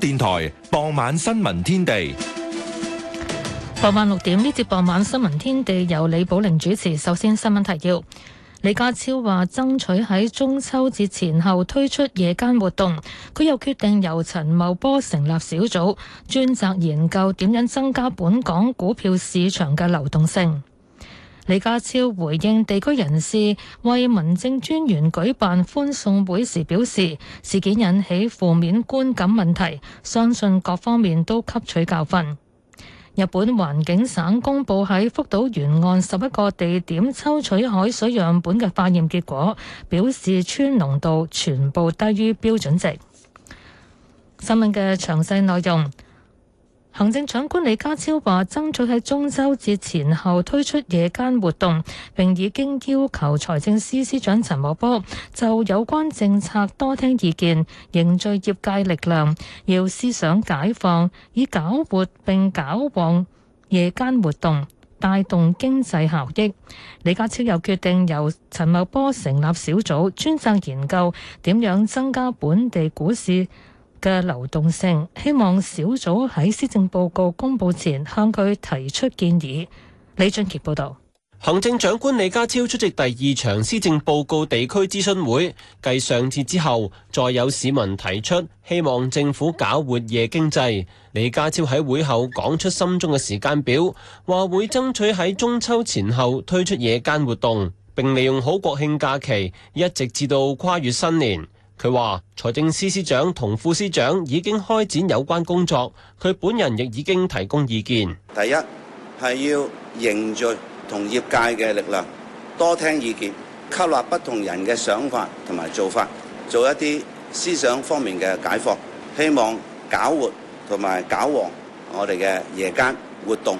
電台傍晚新聞天地，傍晚六點呢節傍晚新聞天地由李寶玲主持。首先新聞提要，李家超話爭取喺中秋節前後推出夜間活動，佢又決定由陳茂波成立小組，專責研究點樣增加本港股票市場嘅流動性。李家超回應地區人士為民政專員舉辦歡送會時表示，事件引起負面觀感問題，相信各方面都吸取教訓。日本環境省公布喺福島沿岸十一個地點抽取海水樣本嘅化驗結果，表示氚濃度全部低於標準值。新聞嘅詳細內容。行政長官李家超話：爭取喺中秋節前後推出夜間活動，並已經要求財政司司長陳茂波就有關政策多聽意見，凝聚業界力量，要思想解放，以搞活並搞旺夜間活動，帶動經濟效益。李家超又決定由陳茂波成立小組，專責研究點樣增加本地股市嘅流動性，希望小組喺施政報告公佈前向佢提出建議。李俊傑報道，行政長官李家超出席第二場施政報告地區諮詢會，繼上次之後再有市民提出希望政府搞活夜經濟，李家超喺會後講出心中嘅時間表，話會爭取喺中秋前後推出夜間活動，並利用好國慶假期，一直至到跨越新年。佢話：財政司司長同副司長已經開展有關工作，佢本人亦已經提供意見。第一係要凝聚同業界嘅力量，多聽意見，吸納不同人嘅想法同埋做法，做一啲思想方面嘅解放，希望搞活同埋搞旺我哋嘅夜間活動。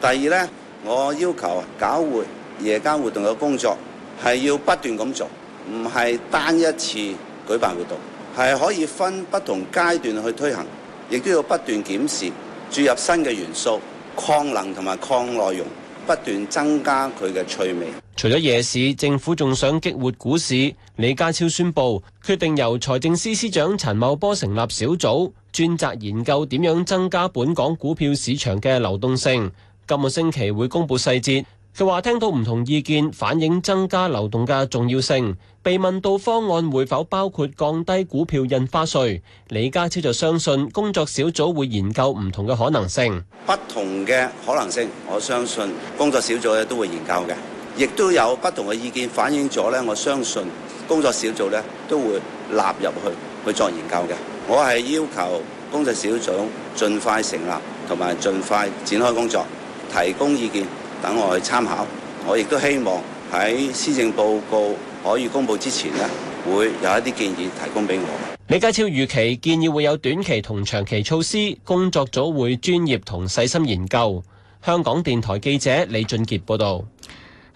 第二呢，我要求搞活夜間活動嘅工作係要不斷咁做，唔係單一次。舉辦活動係可以分不同階段去推行，亦都要不斷檢視注入新嘅元素、擴能同埋擴內容，不斷增加佢嘅趣味。除咗夜市，政府仲想激活股市。李家超宣布決定由財政司司長陳茂波成立小組，專責研究點樣增加本港股票市場嘅流動性。今個星期會公佈細節。佢話聽到唔同意見，反映增加流動嘅重要性。被問到方案會否包括降低股票印花稅，李家超就相信工作小組會研究唔同嘅可能性。不同嘅可能性，我相信工作小組咧都會研究嘅。亦都有不同嘅意見反映咗咧，我相信工作小組咧都會納入去去做研究嘅。我係要求工作小組盡快成立同埋盡快展開工作，提供意見。等我去參考，我亦都希望喺施政報告可以公布之前呢，會有一啲建議提供俾我。李家超預期建議會有短期同長期措施，工作組會專業同細心研究。香港電台記者李俊傑報道。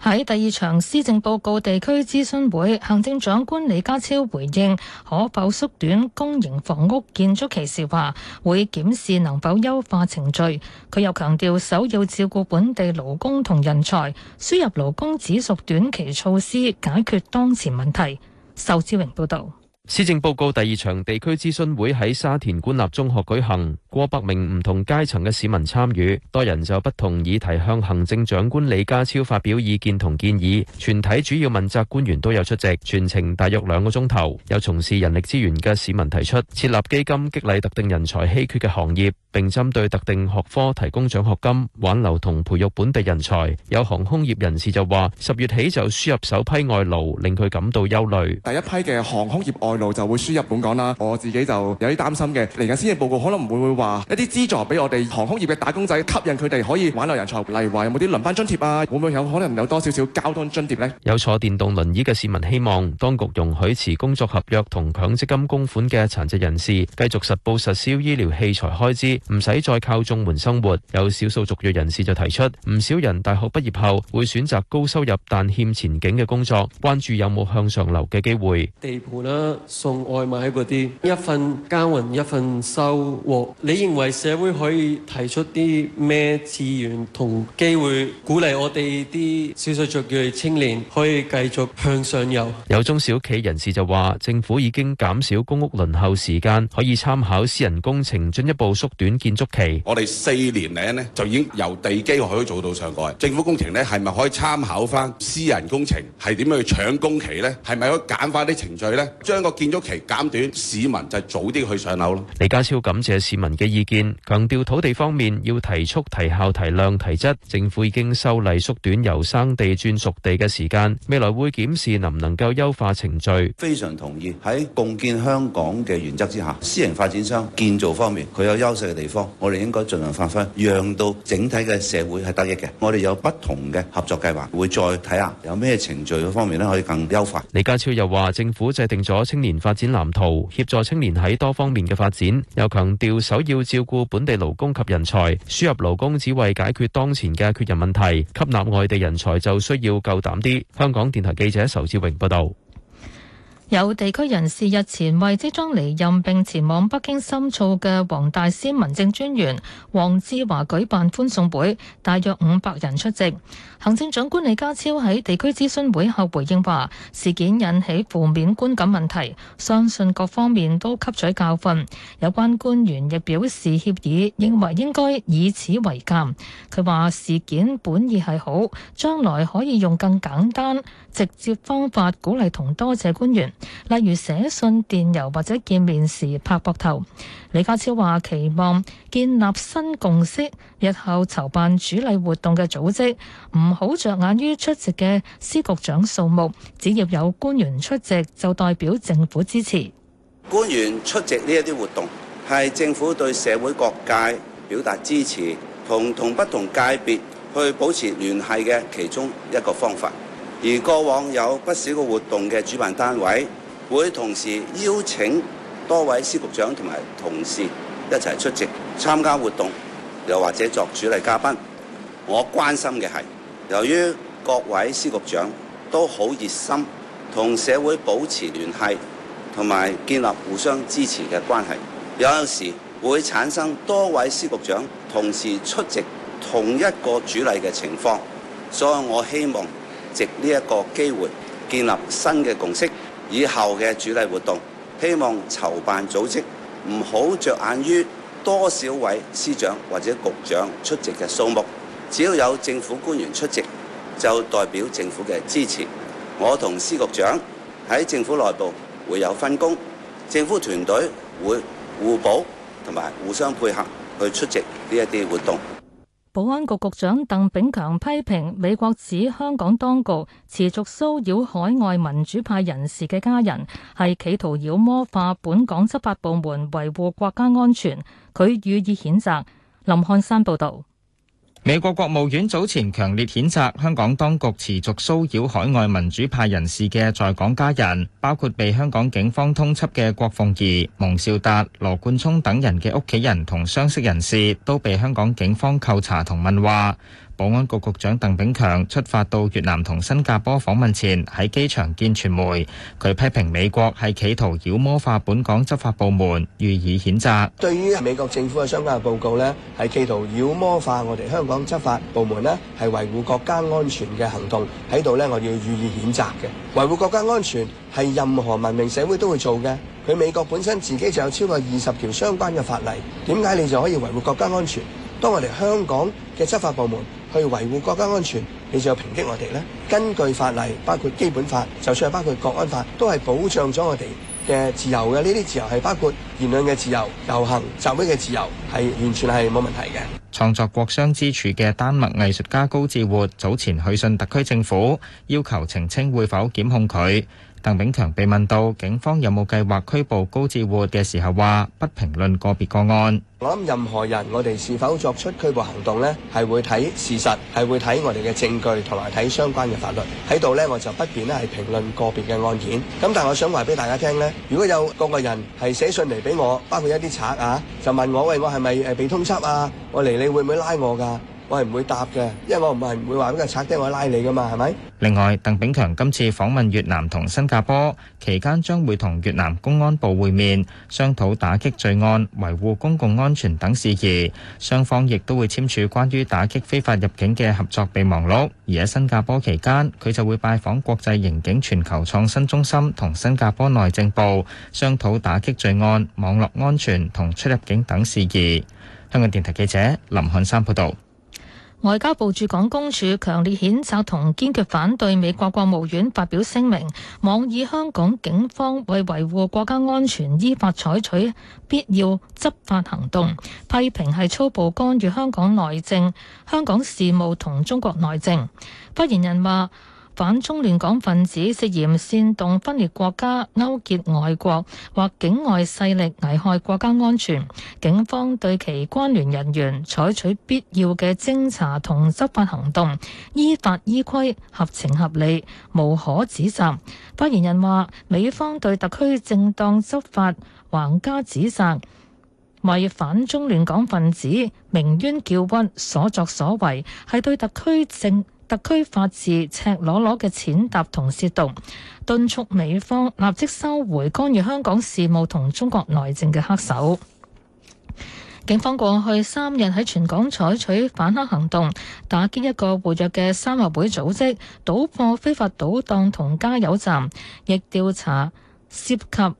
喺第二場施政報告地區諮詢會，行政長官李家超回應可否縮短公營房屋建築期時，話會檢視能否優化程序。佢又強調，首要照顧本地勞工同人才，輸入勞工只屬短期措施，解決當前問題。仇志榮報導。施政報告第二場地區諮詢會喺沙田官立中學舉行，過百名唔同階層嘅市民參與，多人就不同議題向行政長官李家超發表意見同建議。全體主要問責官員都有出席，全程大約兩個鐘頭。有從事人力資源嘅市民提出設立基金激勵特定人才稀缺嘅行業，並針對特定學科提供獎學金，挽留同培育本地人才。有航空業人士就話，十月起就輸入首批外勞，令佢感到憂慮。第一批嘅航空業外路就會輸入本港啦。我自己就有啲擔心嘅。嚟緊先嘅報告可能唔會話一啲資助俾我哋航空業嘅打工仔，吸引佢哋可以挽留人才。例如話有冇啲輪班津貼啊？會唔會有可能有多少少交通津貼呢？有坐電動輪椅嘅市民希望當局容許持工作合約同強積金供款嘅殘疾人士繼續實報實銷醫療器材開支，唔使再靠綜援生活。有少數族裔人士就提出，唔少人大學畢業後會選擇高收入但欠前景嘅工作，關注有冇向上流嘅機會。地盤啦～送外賣嗰啲一份耕耘一份收穫，你認為社會可以提出啲咩資源同機會，鼓勵我哋啲少數族裔嘅青年可以繼續向上遊？有中小企人士就話：政府已經減少公屋輪候時間，可以參考私人工程進一步縮短建築期。人我哋四年嚟呢就已經由地基可以做到上蓋。政府工程呢，係咪可以參考翻私人工程係點樣去搶工期呢？係咪可以簡化啲程序呢？將個建築期減短，市民就早啲去上樓咯。李家超感謝市民嘅意見，強調土地方面要提速、提效、提量、提質。政府已經修例縮短由生地轉熟地嘅時間，未來會檢視能唔能夠優化程序。非常同意喺共建香港嘅原則之下，私營發展商建造方面佢有優勢嘅地方，我哋應該盡量發揮，讓到整體嘅社會係得益嘅。我哋有不同嘅合作計劃，會再睇下有咩程序方面咧可以更優化。李家超又話：政府制定咗清年發展藍圖，協助青年喺多方面嘅發展，又強調首要照顧本地勞工及人才，輸入勞工只為解決當前嘅缺人問題，吸納外地人才就需要夠膽啲。香港電台記者仇志榮報道。有地區人士日前為即將離任並前往北京深造嘅黃大仙民政專員黃志華舉辦歡送會，大約五百人出席。行政長官李家超喺地區諮詢會後回應話：事件引起負面觀感問題，相信各方面都吸取教訓。有關官員亦表示歉意，認為應該以此為鑑。佢話事件本意係好，將來可以用更簡單直接方法鼓勵同多謝官員。例如寫信、電郵或者見面時拍膊頭。李家超話期望建立新共識，日後籌辦主禮活動嘅組織唔好着眼於出席嘅司局長數目，只要有官員出席就代表政府支持。官員出席呢一啲活動係政府對社會各界表達支持同同不同界別去保持聯繫嘅其中一個方法。而過往有不少嘅活動嘅主辦單位會同時邀請多位司局長同埋同事一齊出席參加活動，又或者作主禮嘉賓。我關心嘅係由於各位司局長都好熱心同社會保持聯繫同埋建立互相支持嘅關係，有陣時會產生多位司局長同時出席同一個主禮嘅情況，所以我希望。值呢一個機會建立新嘅共識，以後嘅主禮活動，希望籌辦組織唔好着眼於多少位司長或者局長出席嘅數目，只要有政府官員出席，就代表政府嘅支持。我同司局長喺政府內部會有分工，政府團隊會互補同埋互相配合去出席呢一啲活動。保安局局長鄧炳強批評美國指香港當局持續騷擾海外民主派人士嘅家人，係企圖妖魔化本港執法部門維護國家安全，佢予以譴責。林漢山報道。美國國務院早前強烈譴責香港當局持續騷擾海外民主派人士嘅在港家人，包括被香港警方通緝嘅郭鳳儀、蒙兆達、羅冠聰等人嘅屋企人同相識人士，都被香港警方扣查同問話。保安局局長鄧炳強出發到越南同新加坡訪問前喺機場見傳媒，佢批評美國係企圖妖魔化本港執法部門，予以譴責。對於美國政府嘅相關嘅報告咧，係企圖妖魔化我哋香港執法部門咧，係維護國家安全嘅行動喺度咧，我要予以譴責嘅。維護國家安全係任何文明社會都會做嘅。佢美國本身自己就有超過二十條相關嘅法例，點解你就可以維護國家安全？當我哋香港嘅執法部門。去維護國家安全，你就要抨擊我哋咧？根據法例，包括基本法，就算係包括國安法，都係保障咗我哋嘅自由嘅。呢啲自由係包括言論嘅自由、遊行集會嘅自由，係完全係冇問題嘅。創作國殤之柱嘅丹麥藝術家高志活早前去信特區政府，要求澄清會否檢控佢。鄧炳強被問到警方有冇計劃拘捕高志活嘅時候，話不評論個別個案。我諗任何人，我哋是否作出拘捕行動呢，係會睇事實，係會睇我哋嘅證據同埋睇相關嘅法律喺度呢。我就不便咧係評論個別嘅案件。咁但係我想話俾大家聽呢，如果有個個人係寫信嚟俾我，包括一啲賊啊，就問我喂，我係咪誒被通緝啊？我嚟你會唔會拉我噶？我係唔會答嘅，因為我唔係唔會話俾個賊仔我拉你㗎嘛，係咪？另外，鄧炳強今次訪問越南同新加坡期間，將會同越南公安部會面，商討打擊罪案、維護公共安全等事宜。雙方亦都會簽署關於打擊非法入境嘅合作備忘錄。而喺新加坡期間，佢就會拜訪國際刑警全球創新中心同新加坡內政部，商討打擊罪案、網絡安全同出入境等事宜。香港電台記者林漢山報道。外交部駐港公署強烈譴責同堅決反對美國國務院發表聲明，妄議香港警方為維護國家安全依法採取必要執法行動，批評係粗暴干預香港內政、香港事務同中國內政。發言人話：反中亂港分子涉嫌煽動分裂國家、勾結外國或境外勢力危害國家安全，警方對其關聯人員採取必要嘅偵查同執法行動，依法依規、合情合理，無可指責。發言人話：美方對特區正當執法橫加指責，為反中亂港分子鳴冤叫屈，所作所為係對特區政。特區法治赤裸裸嘅踐踏同褻瀆，敦促美方立即收回干預香港事務同中國內政嘅黑手。警方過去三日喺全港採取反黑行動，打擊一個活躍嘅三合會組織，搗破非法賭檔同加油站，亦調查涉及。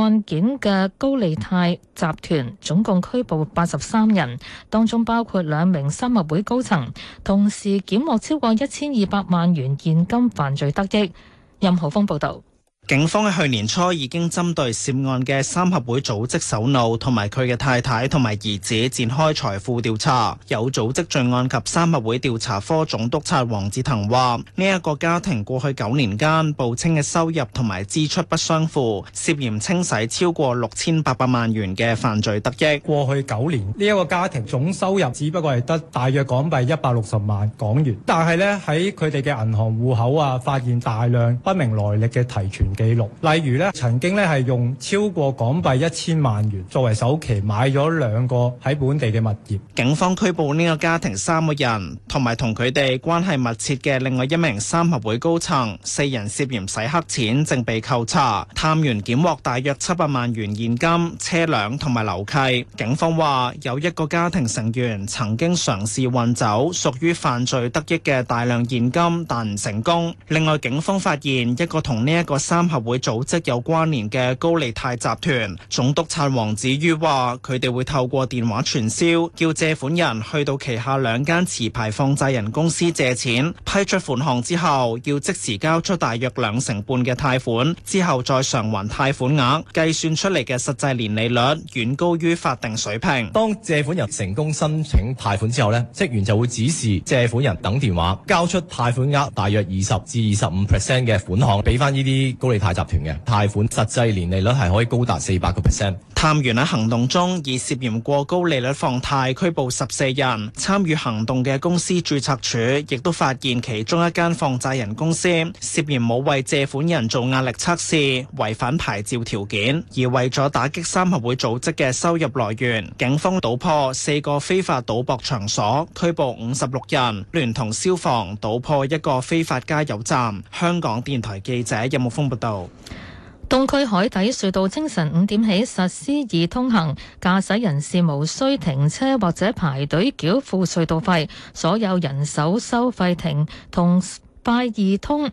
案件嘅高利貸集團總共拘捕八十三人，當中包括兩名三合會高層，同時檢獲超過一千二百萬元現金犯罪得益。任浩峰報道。警方喺去年初已經針對涉案嘅三合會組織首腦同埋佢嘅太太同埋兒子展開財富調查。有組織罪案及三合會調查科總督察黃志騰話，呢一個家庭過去九年間報稱嘅收入同埋支出不相符，涉嫌清洗超過六千八百萬元嘅犯罪得益。過去九年，呢一個家庭總收入只不過係得大約港幣一百六十萬港元，但係呢，喺佢哋嘅銀行戶口啊，發現大量不明來歷嘅提存。記錄，例如咧，曾經咧係用超過港幣一千萬元作為首期買咗兩個喺本地嘅物業。警方拘捕呢個家庭三個人，同埋同佢哋關係密切嘅另外一名三合會高層，四人涉嫌洗黑錢，正被扣查。探員檢獲大約七百萬元現金、車輛同埋樓契。警方話有一個家庭成員曾經嘗試運走屬於犯罪得益嘅大量現金，但唔成功。另外，警方發現一個同呢一個三金合會組織有關聯嘅高利貸集團，總督察王子瑜話：佢哋會透過電話傳銷，叫借款人去到旗下兩間持牌放債人公司借錢，批出款項之後，要即時交出大約兩成半嘅貸款，之後再償還貸款額，計算出嚟嘅實際年利率遠高於法定水平。當借款人成功申請貸款之後咧，職員就會指示借款人等電話，交出貸款額大約二十至二十五 percent 嘅款項，俾翻呢啲高。借泰集團嘅貸款實際年利率係可以高達四百個 percent。探員喺行動中，以涉嫌過高利率放貸拘捕十四人。參與行動嘅公司註冊處亦都發現其中一間放債人公司涉嫌冇為借款人做壓力測試，違反牌照條件。而為咗打擊三合會組織嘅收入來源，警方搗破四個非法賭博場所，拘捕五十六人，聯同消防搗破一個非法加油站。香港電台記者任木峯報導。有東區海底隧道清晨五點起實施易通行，駕駛人士無需停車或者排隊繳付隧道費，所有人手收費亭同快易通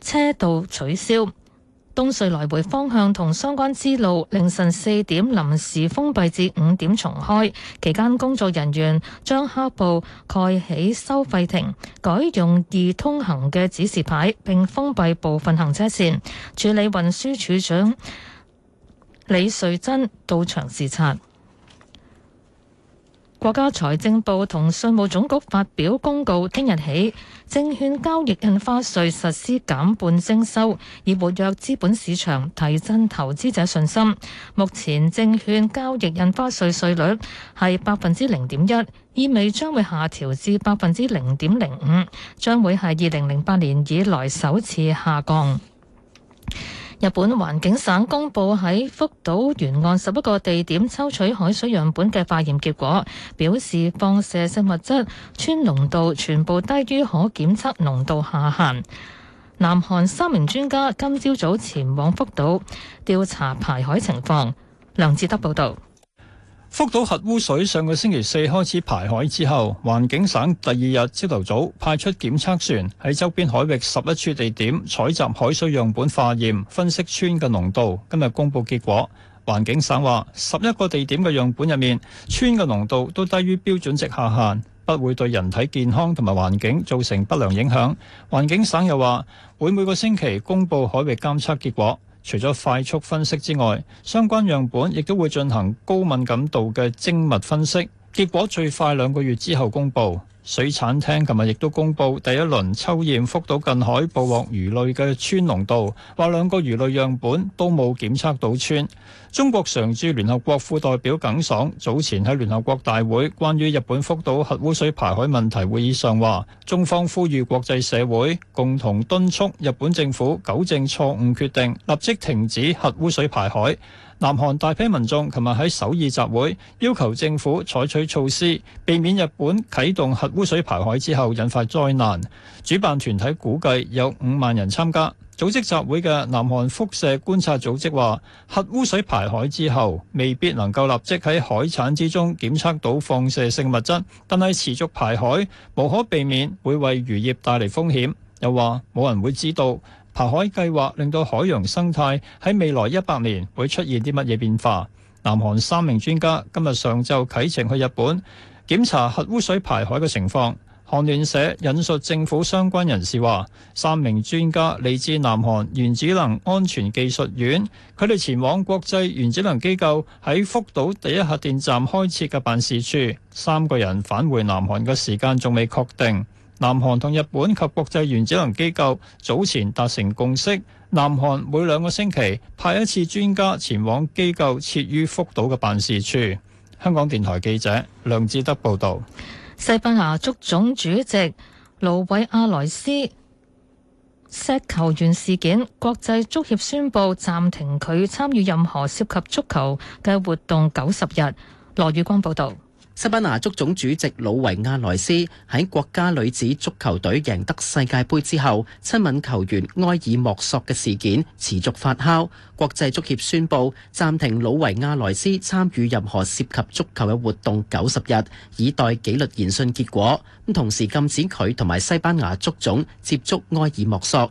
車道取消。東隧來回方向同相關之路，凌晨四點臨時封閉至五點重開，期間工作人員將黑布蓋起收費亭，改用易通行嘅指示牌，並封閉部分行車線。處理運輸署長李瑞珍到場視察。國家財政部同稅務總局發表公告，聽日起，證券交易印花稅實施減半徵收，以活躍資本市場，提振投資者信心。目前證券交易印花稅稅率係百分之零點一，意味將會下調至百分之零點零五，將會係二零零八年以來首次下降。日本環境省公布喺福島沿岸十一個地點抽取海水樣本嘅化驗結果，表示放射性物質氚濃度全部低於可檢測濃度下限。南韓三名專家今朝早前往福島調查排海情況。梁志德報道。福島核污水上個星期四開始排海之後，環境省第二日朝頭早派出檢測船喺周邊海域十一處地點採集海水樣本化驗分析氚嘅濃度，今日公布結果。環境省話十一個地點嘅樣本入面，氚嘅濃度都低於標準值下限，不會對人體健康同埋環境造成不良影響，環境省又話會每個星期公布海域監測結果。除咗快速分析之外，相關樣本亦都會進行高敏感度嘅精密分析，結果最快兩個月之後公布。水產廳今日亦都公布第一輪抽驗福島近海捕獲魚類嘅氚濃度，話兩個魚類樣本都冇檢測到氚。中國常駐聯合國副代表耿爽早前喺聯合國大會關於日本福島核污水排海問題會議上話，中方呼籲國際社會共同敦促日本政府糾正錯誤決定，立即停止核污水排海。南韓大批民眾琴日喺首爾集會，要求政府採取措施，避免日本啟動核污水排海之後引發災難。主辦團體估計有五萬人參加。組織集會嘅南韓輻射觀察組織話：核污水排海之後，未必能夠立即喺海產之中檢測到放射性物質，但係持續排海無可避免會為漁業帶嚟風險。又話冇人會知道，排海計劃令到海洋生態喺未來一百年會出現啲乜嘢變化？南韓三名專家今日上晝啟程去日本檢查核污水排海嘅情況。韓聯社引述政府相關人士話，三名專家嚟自南韓原子能安全技術院，佢哋前往國際原子能機構喺福島第一核電站開設嘅辦事處。三個人返回南韓嘅時間仲未確定。南韓同日本及國際原子能機構早前達成共識，南韓每兩個星期派一次專家前往機構設於福島嘅辦事處。香港電台記者梁志德報道。西班牙足總主席盧偉阿萊斯，錫球員事件，國際足協宣布暫停佢參與任何涉及足球嘅活動九十日。羅宇光報道。西班牙足總主席魯維亞萊斯喺國家女子足球隊贏得世界盃之後，親吻球員埃爾莫索嘅事件持續發酵，國際足協宣布暫停魯維亞萊斯參與任何涉及足球嘅活動九十日，以待紀律言訊結果。咁同時禁止佢同埋西班牙足總接觸埃爾莫索。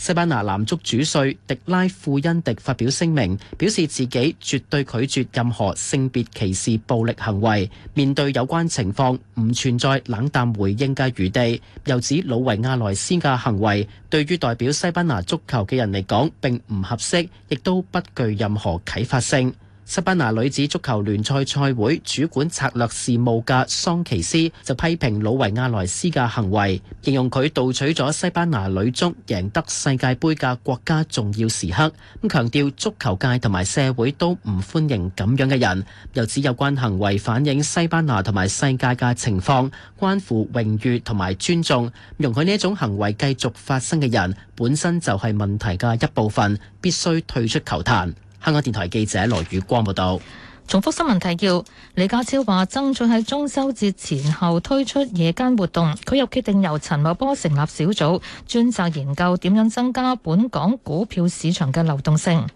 西班牙男足主帥迪拉富恩迪發表聲明，表示自己絕對拒絕任何性別歧視暴力行為。面對有關情況，唔存在冷淡回應嘅餘地。又指魯維亞萊斯嘅行為，對於代表西班牙足球嘅人嚟講，並唔合適，亦都不具任何啟發性。西班牙女子足球聯賽賽會主管策略事務嘅桑奇斯就批評魯維亞萊斯嘅行為，形容佢盜取咗西班牙女足贏得世界杯嘅國家重要時刻，咁強調足球界同埋社會都唔歡迎咁樣嘅人，由此有關行為反映西班牙同埋世界嘅情況，關乎榮譽同埋尊重，容許呢一種行為繼續發生嘅人本身就係問題嘅一部分，必須退出球壇。香港電台記者羅宇光報道。重複新聞提要，李家超話爭取喺中秋節前後推出夜間活動，佢又決定由陳茂波成立小組，專責研究點樣增加本港股票市場嘅流動性。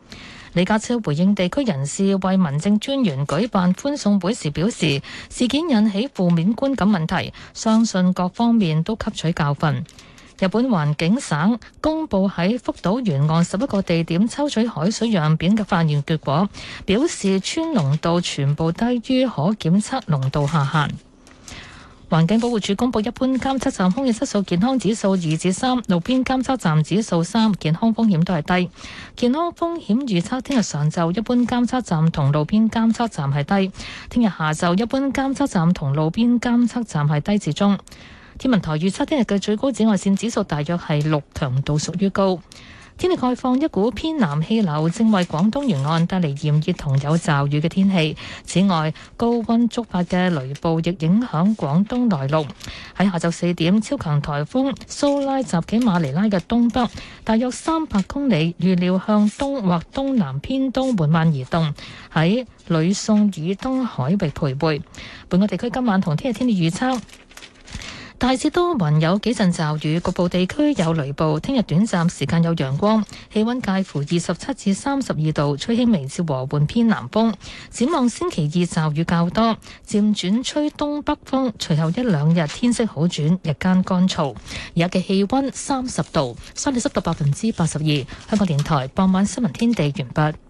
李家超回應地區人士為民政專員舉辦歡送會時表示，事件引起負面觀感問題，相信各方面都吸取教訓。日本環境省公布喺福島沿岸十一個地點抽取海水樣片嘅化驗結果，表示氚濃度全部低於可檢測濃度下限。環境保護署公布一般監測站空氣質素健康指數二至三，3，路邊監測站指數三，健康風險都係低。健康風險預測：聽日上晝一般監測站同路邊監測站係低，聽日下晝一般監測站同路邊監測站係低至中。天文台預測聽日嘅最高紫外線指數大約係六，強度屬於高。天氣概況：一股偏南氣流正為廣東沿岸帶嚟炎熱同有驟雨嘅天氣。此外，高溫觸發嘅雷暴亦影響廣東內陸。喺下晝四點，超強颱風蘇拉集結馬尼拉嘅東北，大約三百公里，預料向東或東南偏東緩慢移動，喺呂宋以東海域徘徊。本港地區今晚同聽日天氣預測。大致多雲，有幾陣驟雨，局部地區有雷暴。聽日短暫時間有陽光，氣温介乎二十七至三十二度，吹輕微至和緩偏南風。展望星期二驟雨較多，漸轉吹東北風，隨後一兩日天色好轉，日間乾燥。而家嘅氣温三十度，相對濕度百分之八十二。香港電台傍晚新聞天地完畢。